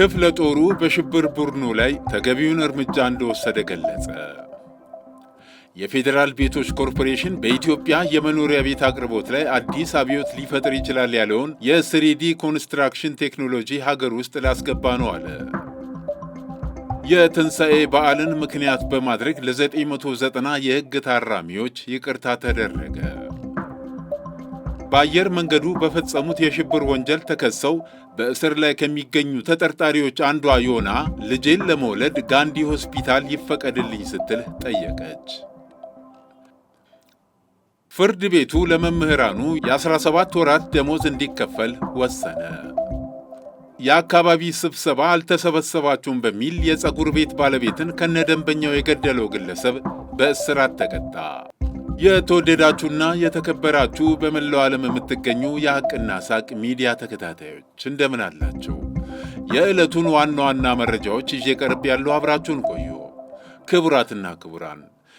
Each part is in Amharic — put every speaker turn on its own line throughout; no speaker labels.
ክፍለ ጦሩ በሽብር ቡድኑ ላይ ተገቢውን እርምጃ እንደወሰደ ገለጸ። የፌዴራል ቤቶች ኮርፖሬሽን በኢትዮጵያ የመኖሪያ ቤት አቅርቦት ላይ አዲስ አብዮት ሊፈጥር ይችላል ያለውን የስሪዲ ኮንስትራክሽን ቴክኖሎጂ ሀገር ውስጥ ላስገባ ነው አለ። የትንሣኤ በዓልን ምክንያት በማድረግ ለ990 የሕግ ታራሚዎች ይቅርታ ተደረገ። በአየር መንገዱ በፈጸሙት የሽብር ወንጀል ተከሰው በእስር ላይ ከሚገኙ ተጠርጣሪዎች አንዷ ዮና ልጄን ለመውለድ ጋንዲ ሆስፒታል ይፈቀድልኝ ስትል ጠየቀች። ፍርድ ቤቱ ለመምህራኑ የ17 ወራት ደሞዝ እንዲከፈል ወሰነ። የአካባቢ ስብሰባ አልተሰበሰባችሁም በሚል የፀጉር ቤት ባለቤትን ከነደንበኛው የገደለው ግለሰብ በእስራት ተቀጣ። የተወደዳችሁና የተከበራችሁ በመላው ዓለም የምትገኙ የሐቅና ሳቅ ሚዲያ ተከታታዮች እንደምን አላችሁ? የዕለቱን ዋና ዋና መረጃዎች ይዤ ቀርብ ያለው አብራችሁን ቆዩ። ክቡራትና ክቡራን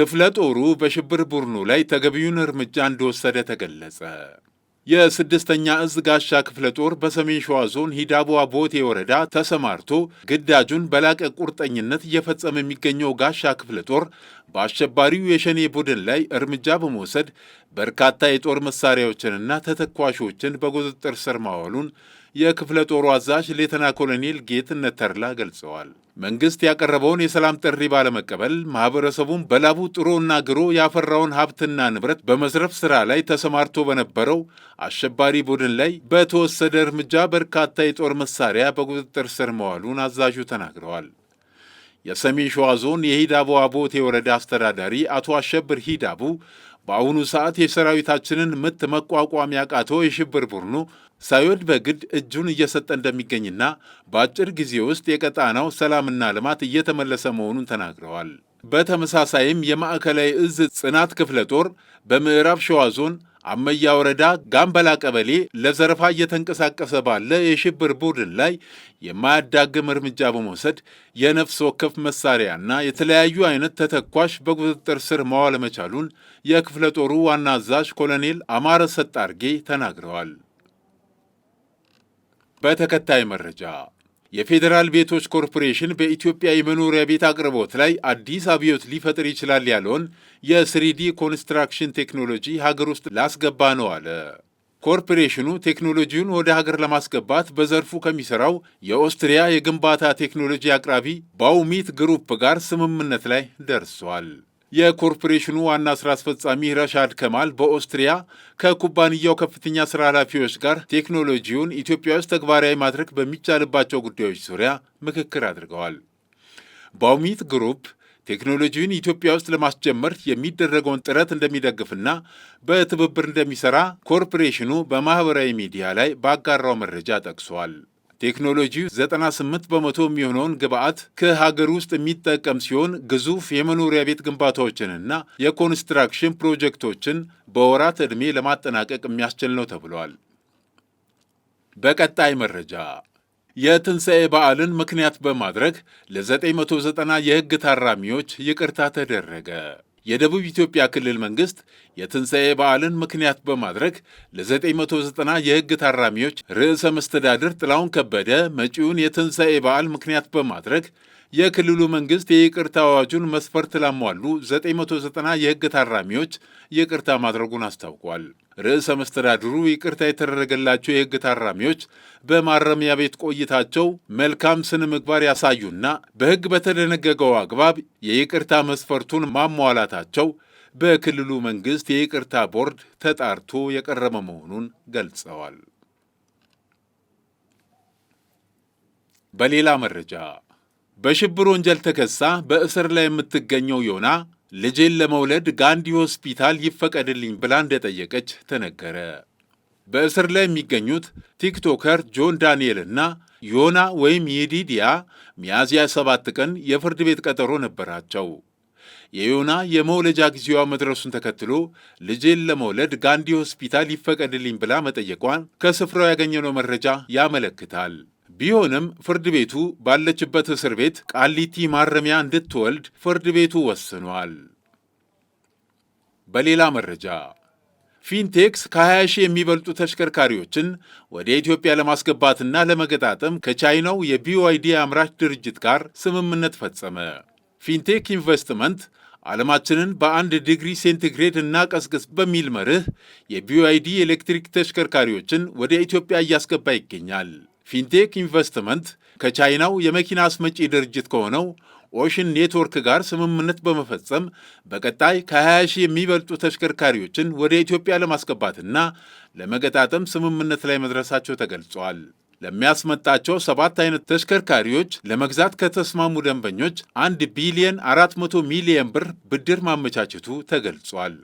ክፍለ ጦሩ በሽብር ቡድኑ ላይ ተገቢውን እርምጃ እንደወሰደ ተገለጸ። የስድስተኛ እዝ ጋሻ ክፍለ ጦር በሰሜን ሸዋ ዞን ሂዳቡ ቦቴ ወረዳ ተሰማርቶ ግዳጁን በላቀ ቁርጠኝነት እየፈጸመ የሚገኘው ጋሻ ክፍለ ጦር በአሸባሪው የሸኔ ቡድን ላይ እርምጃ በመውሰድ በርካታ የጦር መሳሪያዎችንና ተተኳሾችን በቁጥጥር ስር ማዋሉን የክፍለ ጦሩ አዛዥ ሌተና ኮሎኔል ጌትነት ተድላ ገልጸዋል። መንግስት ያቀረበውን የሰላም ጥሪ ባለመቀበል ማህበረሰቡን በላቡ ጥሮና ግሮ ያፈራውን ሀብትና ንብረት በመዝረፍ ስራ ላይ ተሰማርቶ በነበረው አሸባሪ ቡድን ላይ በተወሰደ እርምጃ በርካታ የጦር መሳሪያ በቁጥጥር ስር መዋሉን አዛዡ ተናግረዋል። የሰሜን ሸዋ ዞን የሂዳቡ አቦቴ ወረዳ አስተዳዳሪ አቶ አሸብር ሂዳቡ በአሁኑ ሰዓት የሰራዊታችንን ምት መቋቋም ያቃተው የሽብር ቡድኑ ሳይወድ በግድ እጁን እየሰጠ እንደሚገኝና በአጭር ጊዜ ውስጥ የቀጣናው ሰላምና ልማት እየተመለሰ መሆኑን ተናግረዋል። በተመሳሳይም የማዕከላዊ እዝ ጽናት ክፍለ ጦር በምዕራብ ሸዋ ዞን አመያ ወረዳ ጋምበላ ቀበሌ ለዘረፋ እየተንቀሳቀሰ ባለ የሽብር ቡድን ላይ የማያዳግም እርምጃ በመውሰድ የነፍስ ወከፍ መሳሪያና የተለያዩ አይነት ተተኳሽ በቁጥጥር ስር ማዋል መቻሉን የክፍለ ጦሩ ዋና አዛዥ ኮሎኔል አማረ ሰጣርጌ ተናግረዋል። በተከታይ መረጃ የፌዴራል ቤቶች ኮርፖሬሽን በኢትዮጵያ የመኖሪያ ቤት አቅርቦት ላይ አዲስ አብዮት ሊፈጥር ይችላል ያለውን የስሪዲ ኮንስትራክሽን ቴክኖሎጂ ሀገር ውስጥ ላስገባ ነው አለ። ኮርፖሬሽኑ ቴክኖሎጂውን ወደ ሀገር ለማስገባት በዘርፉ ከሚሰራው የኦስትሪያ የግንባታ ቴክኖሎጂ አቅራቢ ባውሚት ግሩፕ ጋር ስምምነት ላይ ደርሷል። የኮርፖሬሽኑ ዋና ስራ አስፈጻሚ ረሻድ ከማል በኦስትሪያ ከኩባንያው ከፍተኛ ስራ ኃላፊዎች ጋር ቴክኖሎጂውን ኢትዮጵያ ውስጥ ተግባራዊ ማድረግ በሚቻልባቸው ጉዳዮች ዙሪያ ምክክር አድርገዋል። ባውሚት ግሩፕ ቴክኖሎጂውን ኢትዮጵያ ውስጥ ለማስጀመር የሚደረገውን ጥረት እንደሚደግፍና በትብብር እንደሚሰራ ኮርፖሬሽኑ በማኅበራዊ ሚዲያ ላይ ባጋራው መረጃ ጠቅሷል። ቴክኖሎጂ 98 በመቶ የሚሆነውን ግብአት ከሀገር ውስጥ የሚጠቀም ሲሆን ግዙፍ የመኖሪያ ቤት ግንባታዎችንና የኮንስትራክሽን ፕሮጀክቶችን በወራት ዕድሜ ለማጠናቀቅ የሚያስችል ነው ተብሏል። በቀጣይ መረጃ የትንሣኤ በዓልን ምክንያት በማድረግ ለ990 የሕግ ታራሚዎች ይቅርታ ተደረገ። የደቡብ ኢትዮጵያ ክልል መንግስት የትንሣኤ በዓልን ምክንያት በማድረግ ለ990 የሕግ ታራሚዎች ርዕሰ መስተዳድር ጥላውን ከበደ መጪውን የትንሣኤ በዓል ምክንያት በማድረግ የክልሉ መንግስት የይቅርታ አዋጁን መስፈርት ላሟሉ 990 የህግ ታራሚዎች ይቅርታ ማድረጉን አስታውቋል። ርዕሰ መስተዳድሩ ይቅርታ የተደረገላቸው የህግ ታራሚዎች በማረሚያ ቤት ቆይታቸው መልካም ስነ ምግባር ያሳዩና በህግ በተደነገገው አግባብ የይቅርታ መስፈርቱን ማሟላታቸው በክልሉ መንግስት የይቅርታ ቦርድ ተጣርቶ የቀረበ መሆኑን ገልጸዋል። በሌላ መረጃ በሽብር ወንጀል ተከሳ በእስር ላይ የምትገኘው ዮና ልጄን ለመውለድ ጋንዲ ሆስፒታል ይፈቀድልኝ ብላ እንደጠየቀች ተነገረ። በእስር ላይ የሚገኙት ቲክቶከር ጆን ዳንኤል እና ዮና ወይም ይዲዲያ ሚያዝያ 7 ቀን የፍርድ ቤት ቀጠሮ ነበራቸው። የዮና የመውለጃ ጊዜዋ መድረሱን ተከትሎ ልጄን ለመውለድ ጋንዲ ሆስፒታል ይፈቀድልኝ ብላ መጠየቋን ከስፍራው ያገኘነው መረጃ ያመለክታል። ቢሆንም ፍርድ ቤቱ ባለችበት እስር ቤት ቃሊቲ ማረሚያ እንድትወልድ ፍርድ ቤቱ ወስኗል። በሌላ መረጃ ፊንቴክስ ከ20 ሺህ የሚበልጡ ተሽከርካሪዎችን ወደ ኢትዮጵያ ለማስገባትና ለመገጣጠም ከቻይናው የቢዋይዲ አምራች ድርጅት ጋር ስምምነት ፈጸመ። ፊንቴክ ኢንቨስትመንት ዓለማችንን በአንድ ዲግሪ ሴንቲግሬድ እናቀስቅስ በሚል መርህ የቢዋይዲ ኤሌክትሪክ ተሽከርካሪዎችን ወደ ኢትዮጵያ እያስገባ ይገኛል። ፊንቴክ ኢንቨስትመንት ከቻይናው የመኪና አስመጪ ድርጅት ከሆነው ኦሽን ኔትወርክ ጋር ስምምነት በመፈጸም በቀጣይ ከ20 ሺህ የሚበልጡ ተሽከርካሪዎችን ወደ ኢትዮጵያ ለማስገባትና ለመገጣጠም ስምምነት ላይ መድረሳቸው ተገልጿል። ለሚያስመጣቸው ሰባት አይነት ተሽከርካሪዎች ለመግዛት ከተስማሙ ደንበኞች 1 ቢሊየን 400 ሚሊየን ብር ብድር ማመቻቸቱ ተገልጿል።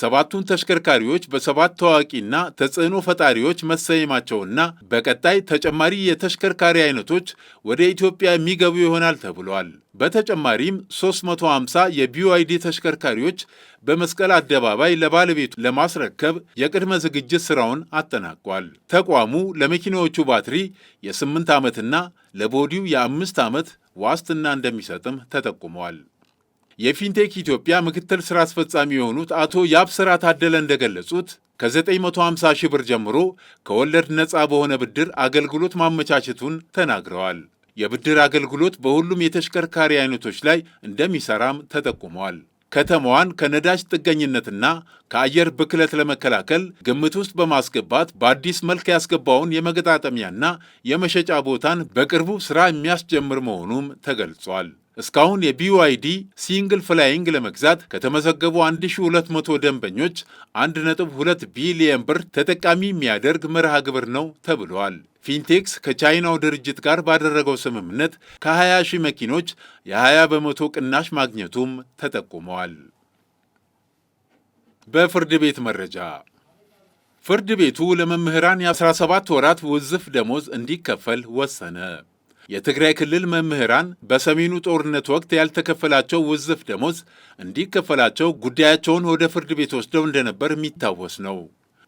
ሰባቱን ተሽከርካሪዎች በሰባት ታዋቂና ተጽዕኖ ፈጣሪዎች መሰየማቸውና በቀጣይ ተጨማሪ የተሽከርካሪ አይነቶች ወደ ኢትዮጵያ የሚገቡ ይሆናል ተብሏል። በተጨማሪም 350 የቢዩአይዲ ተሽከርካሪዎች በመስቀል አደባባይ ለባለቤቱ ለማስረከብ የቅድመ ዝግጅት ሥራውን አጠናቋል። ተቋሙ ለመኪናዎቹ ባትሪ የ8 ዓመትና ለቦዲው የአምስት ዓመት ዋስትና እንደሚሰጥም ተጠቁመዋል። የፊንቴክ ኢትዮጵያ ምክትል ስራ አስፈጻሚ የሆኑት አቶ የአብስራ ታደለ እንደገለጹት ከ950 ሺህ ብር ጀምሮ ከወለድ ነፃ በሆነ ብድር አገልግሎት ማመቻቸቱን ተናግረዋል። የብድር አገልግሎት በሁሉም የተሽከርካሪ አይነቶች ላይ እንደሚሰራም ተጠቁመዋል። ከተማዋን ከነዳጅ ጥገኝነትና ከአየር ብክለት ለመከላከል ግምት ውስጥ በማስገባት በአዲስ መልክ ያስገባውን የመገጣጠሚያና የመሸጫ ቦታን በቅርቡ ስራ የሚያስጀምር መሆኑም ተገልጿል። እስካሁን የቢዋይዲ ሲንግል ፍላይንግ ለመግዛት ከተመዘገቡ 1200 ደንበኞች 1.2 ቢሊየን ብር ተጠቃሚ የሚያደርግ መርሃ ግብር ነው ተብሏል። ፊንቴክስ ከቻይናው ድርጅት ጋር ባደረገው ስምምነት ከ20 ሺህ መኪኖች የ20 በመቶ ቅናሽ ማግኘቱም ተጠቁመዋል። በፍርድ ቤት መረጃ ፍርድ ቤቱ ለመምህራን የ17 ወራት ውዝፍ ደሞዝ እንዲከፈል ወሰነ። የትግራይ ክልል መምህራን በሰሜኑ ጦርነት ወቅት ያልተከፈላቸው ውዝፍ ደሞዝ እንዲከፈላቸው ጉዳያቸውን ወደ ፍርድ ቤት ወስደው እንደነበር የሚታወስ ነው።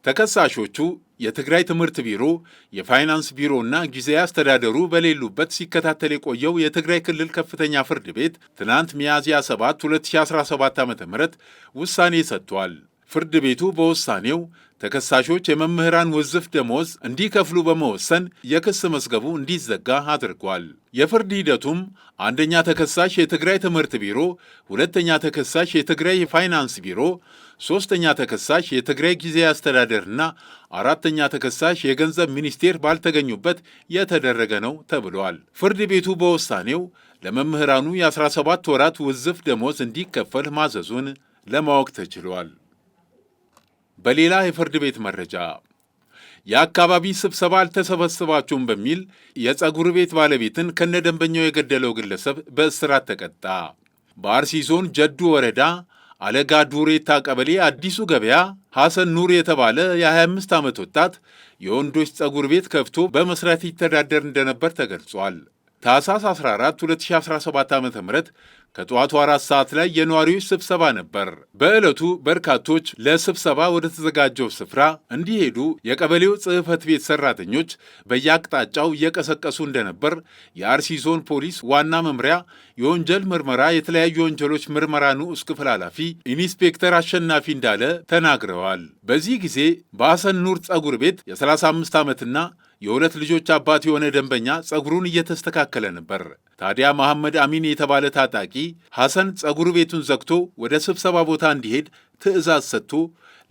ተከሳሾቹ የትግራይ ትምህርት ቢሮ፣ የፋይናንስ ቢሮና ጊዜያዊ አስተዳደሩ በሌሉበት ሲከታተል የቆየው የትግራይ ክልል ከፍተኛ ፍርድ ቤት ትናንት ሚያዝያ 7 2017 ዓ ም ውሳኔ ሰጥቷል። ፍርድ ቤቱ በውሳኔው ተከሳሾች የመምህራን ውዝፍ ደሞዝ እንዲከፍሉ በመወሰን የክስ መዝገቡ እንዲዘጋ አድርጓል። የፍርድ ሂደቱም አንደኛ ተከሳሽ የትግራይ ትምህርት ቢሮ፣ ሁለተኛ ተከሳሽ የትግራይ የፋይናንስ ቢሮ፣ ሦስተኛ ተከሳሽ የትግራይ ጊዜ አስተዳደርና አራተኛ ተከሳሽ የገንዘብ ሚኒስቴር ባልተገኙበት የተደረገ ነው ተብሏል። ፍርድ ቤቱ በውሳኔው ለመምህራኑ የ17 ወራት ውዝፍ ደሞዝ እንዲከፈል ማዘዙን ለማወቅ ተችሏል። በሌላ የፍርድ ቤት መረጃ የአካባቢ ስብሰባ አልተሰበሰባችሁም በሚል የፀጉር ቤት ባለቤትን ደንበኛው የገደለው ግለሰብ በእስራት ተቀጣ። በአርሲ ዞን ጀዱ ወረዳ አለጋ ዱሬታ ቀበሌ አዲሱ ገበያ ሐሰን ኑር የተባለ የ25 ዓመት ወጣት የወንዶች ፀጉር ቤት ከፍቶ በመስራት ይተዳደር እንደነበር ተገልጿል። ታህሳስ 14 2017 ዓ ም ከጠዋቱ አራት ሰዓት ላይ የነዋሪዎች ስብሰባ ነበር። በዕለቱ በርካቶች ለስብሰባ ወደ ተዘጋጀው ስፍራ እንዲሄዱ የቀበሌው ጽሕፈት ቤት ሰራተኞች በየአቅጣጫው እየቀሰቀሱ እንደነበር የአርሲ ዞን ፖሊስ ዋና መምሪያ የወንጀል ምርመራ የተለያዩ ወንጀሎች ምርመራ ንዑስ ክፍል ኃላፊ ኢንስፔክተር አሸናፊ እንዳለ ተናግረዋል። በዚህ ጊዜ በአሰን ኑር ጸጉር ቤት የ35 ዓመትና የሁለት ልጆች አባት የሆነ ደንበኛ ጸጉሩን እየተስተካከለ ነበር። ታዲያ መሐመድ አሚን የተባለ ታጣቂ ሐሰን ጸጉር ቤቱን ዘግቶ ወደ ስብሰባ ቦታ እንዲሄድ ትዕዛዝ ሰጥቶ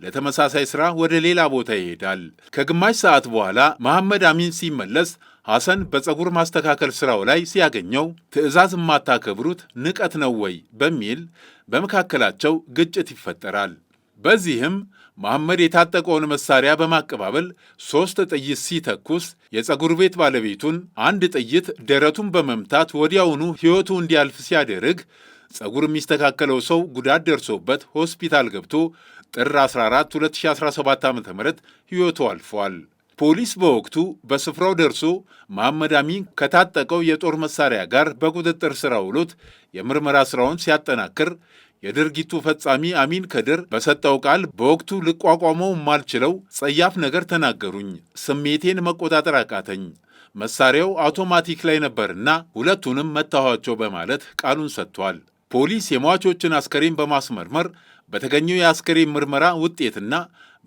ለተመሳሳይ ሥራ ወደ ሌላ ቦታ ይሄዳል። ከግማሽ ሰዓት በኋላ መሐመድ አሚን ሲመለስ ሐሰን በጸጉር ማስተካከል ሥራው ላይ ሲያገኘው ትዕዛዝ የማታከብሩት ንቀት ነው ወይ በሚል በመካከላቸው ግጭት ይፈጠራል። በዚህም መሐመድ የታጠቀውን መሳሪያ በማቀባበል ሦስት ጥይት ሲተኩስ የፀጉር ቤት ባለቤቱን አንድ ጥይት ደረቱን በመምታት ወዲያውኑ ሕይወቱ እንዲያልፍ ሲያደርግ ፀጉር የሚስተካከለው ሰው ጉዳት ደርሶበት ሆስፒታል ገብቶ ጥር 14 2017 ዓ ም ሕይወቱ አልፏል። ፖሊስ በወቅቱ በስፍራው ደርሶ መሐመድ አሚን ከታጠቀው የጦር መሳሪያ ጋር በቁጥጥር ሥራ ውሎት የምርመራ ሥራውን ሲያጠናክር የድርጊቱ ፈጻሚ አሚን ከድር በሰጠው ቃል በወቅቱ ልቋቋመው የማልችለው ጸያፍ ነገር ተናገሩኝ። ስሜቴን መቆጣጠር አቃተኝ። መሳሪያው አውቶማቲክ ላይ ነበርና ሁለቱንም መታኋቸው በማለት ቃሉን ሰጥቷል። ፖሊስ የሟቾችን አስከሬን በማስመርመር በተገኘው የአስከሬን ምርመራ ውጤትና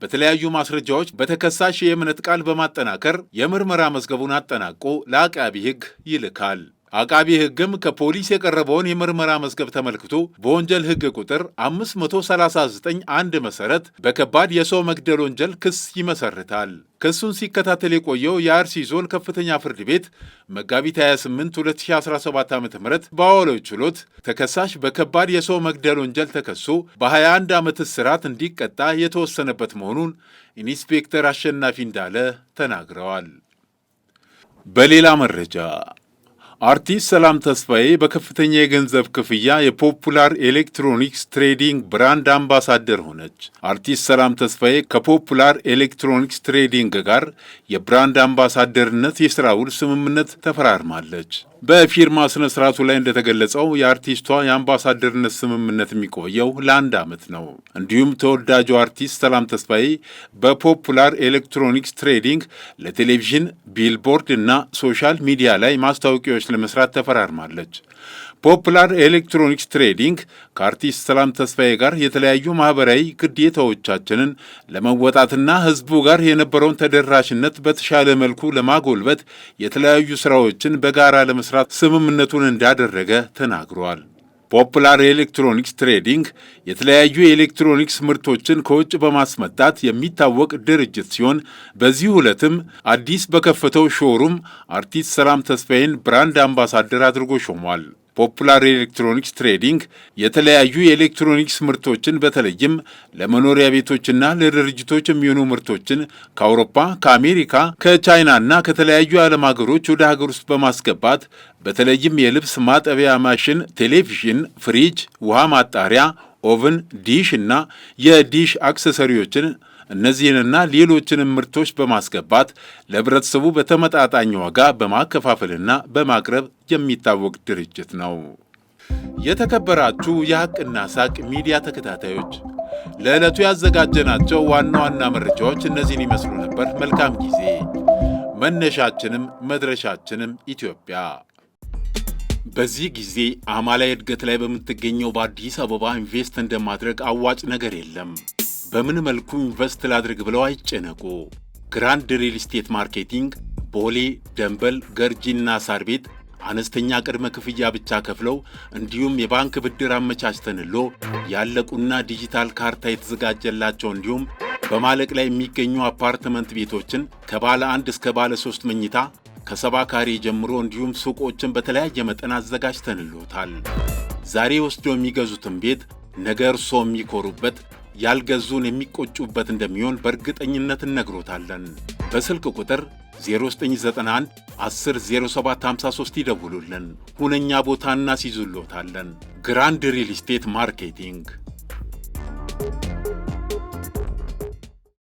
በተለያዩ ማስረጃዎች በተከሳሽ የእምነት ቃል በማጠናከር የምርመራ መዝገቡን አጠናቆ ለአቃቢ ሕግ ይልካል። አቃቢ ሕግም ከፖሊስ የቀረበውን የምርመራ መዝገብ ተመልክቶ በወንጀል ሕግ ቁጥር 539 አንድ መሠረት በከባድ የሰው መግደል ወንጀል ክስ ይመሰርታል። ክሱን ሲከታተል የቆየው የአርሲ ዞን ከፍተኛ ፍርድ ቤት መጋቢት 28 2017 ዓ ም በዋለው ችሎት ተከሳሽ በከባድ የሰው መግደል ወንጀል ተከሶ በ21 ዓመት እስራት እንዲቀጣ የተወሰነበት መሆኑን ኢንስፔክተር አሸናፊ እንዳለ ተናግረዋል። በሌላ መረጃ አርቲስት ሰላም ተስፋዬ በከፍተኛ የገንዘብ ክፍያ የፖፑላር ኤሌክትሮኒክስ ትሬዲንግ ብራንድ አምባሳደር ሆነች። አርቲስት ሰላም ተስፋዬ ከፖፑላር ኤሌክትሮኒክስ ትሬዲንግ ጋር የብራንድ አምባሳደርነት የሥራ ውል ስምምነት ተፈራርማለች። በፊርማ ስነ ስርዓቱ ላይ እንደተገለጸው የአርቲስቷ የአምባሳደርነት ስምምነት የሚቆየው ለአንድ ዓመት ነው። እንዲሁም ተወዳጁ አርቲስት ሰላም ተስፋዬ በፖፑላር ኤሌክትሮኒክስ ትሬዲንግ ለቴሌቪዥን፣ ቢልቦርድ እና ሶሻል ሚዲያ ላይ ማስታወቂያዎች ለመስራት ተፈራርማለች። ፖፕላር ኤሌክትሮኒክስ ትሬዲንግ ከአርቲስት ሰላም ተስፋዬ ጋር የተለያዩ ማህበራዊ ግዴታዎቻችንን ለመወጣትና ህዝቡ ጋር የነበረውን ተደራሽነት በተሻለ መልኩ ለማጎልበት የተለያዩ ስራዎችን በጋራ ለመስራት ስምምነቱን እንዳደረገ ተናግሯል። ፖፑላር የኤሌክትሮኒክስ ትሬዲንግ የተለያዩ የኤሌክትሮኒክስ ምርቶችን ከውጭ በማስመጣት የሚታወቅ ድርጅት ሲሆን በዚህ ዕለትም አዲስ በከፈተው ሾሩም አርቲስት ሰላም ተስፋዬን ብራንድ አምባሳደር አድርጎ ሾሟል። ፖፑላር ኤሌክትሮኒክስ ትሬዲንግ የተለያዩ የኤሌክትሮኒክስ ምርቶችን በተለይም ለመኖሪያ ቤቶችና ለድርጅቶች የሚሆኑ ምርቶችን ከአውሮፓ፣ ከአሜሪካ፣ ከቻይና እና ከተለያዩ የዓለም ሀገሮች ወደ ሀገር ውስጥ በማስገባት በተለይም የልብስ ማጠቢያ ማሽን፣ ቴሌቪዥን፣ ፍሪጅ፣ ውሃ ማጣሪያ ኦቭን ዲሽ እና የዲሽ አክሰሰሪዎችን እነዚህንና ሌሎችንም ምርቶች በማስገባት ለህብረተሰቡ በተመጣጣኝ ዋጋ በማከፋፈልና በማቅረብ የሚታወቅ ድርጅት ነው። የተከበራችሁ የሐቅና ሳቅ ሚዲያ ተከታታዮች ለዕለቱ ያዘጋጀናቸው ዋና ዋና መረጃዎች እነዚህን ይመስሉ ነበር። መልካም ጊዜ። መነሻችንም መድረሻችንም ኢትዮጵያ። በዚህ ጊዜ አማላይ እድገት ላይ በምትገኘው በአዲስ አበባ ኢንቨስት እንደማድረግ አዋጭ ነገር የለም። በምን መልኩ ኢንቨስት ላድርግ ብለው አይጨነቁ። ግራንድ ሪል ስቴት ማርኬቲንግ ቦሌ፣ ደንበል፣ ገርጂና ሳር ቤት አነስተኛ ቅድመ ክፍያ ብቻ ከፍለው እንዲሁም የባንክ ብድር አመቻችተንሎ ያለቁና ዲጂታል ካርታ የተዘጋጀላቸው እንዲሁም በማለቅ ላይ የሚገኙ አፓርትመንት ቤቶችን ከባለ አንድ እስከ ባለ ሶስት መኝታ ከሰባ ካሬ ጀምሮ እንዲሁም ሱቆችን በተለያየ መጠን አዘጋጅተንሎታል። ዛሬ ወስዶ የሚገዙትን ቤት ነገ እርሶ የሚኮሩበት ያልገዙን የሚቆጩበት እንደሚሆን በእርግጠኝነት እነግሮታለን። በስልክ ቁጥር 0991 10 0753 ይደውሉልን። ሁነኛ ቦታ እናስይዙልዎታለን። ግራንድ ሪል ስቴት ማርኬቲንግ